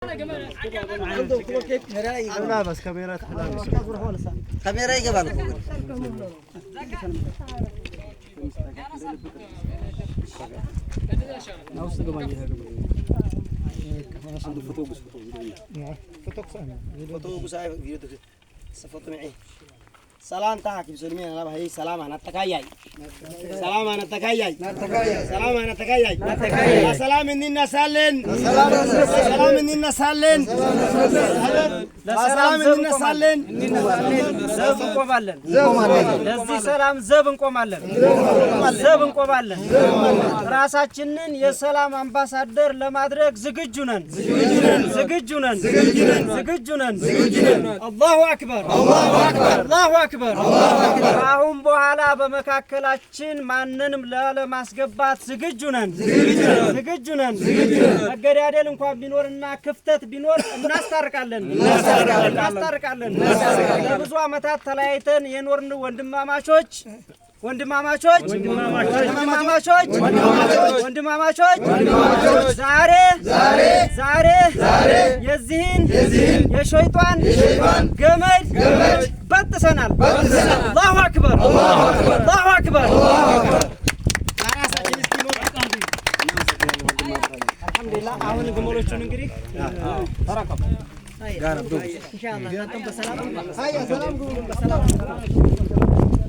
بس كاميرات كاميرا يقبل عنده فوتوبوس فوتوبوس فوتوبوس فوتوبوس فوتوبوس ሰላንታ ሐኪም ሱልሚ ነና ባይ ሰላም አና ተካያይ ሰላም አና ተካያይ ሰላም አና ተካያይ ሰላም እንነሳለን ሰላም እንነሳለን ሰላም እንነሳለን ዘብ እንቆማለን ለዚህ ሰላም ዘብ እንቆማለን ዘብ እንቆማለን ራሳችንን የሰላም አምባሳደር ለማድረግ ዝግጁ ነን ዝግጁ ነን ዝግጁ ነን ዝግጁ ነን አላሁ አክበር አላሁ አክበር አክበር። ከአሁን በኋላ በመካከላችን ማንንም ለማስገባት ዝግጁ ነን፣ ዝግጁ ነን። መገዳደል እንኳን ቢኖርና ክፍተት ቢኖር እናስታርቃለን፣ እናስታርቃለን። ለብዙ ዓመታት ተለያይተን የኖርን ወንድማማቾች ወንድማማቾች ወንድማማቾች ወንድማማቾች ዛሬ ዛሬ ዛሬ የዚህን የሸይጧን ገመድ በልተናል። አላሁ አክበር፣ አላሁ አክበር። አልሐምዱሊላህ አሁን ግመሎቹን እንግዲህ ተረከቡ። ኢንሻአላህ በሰላም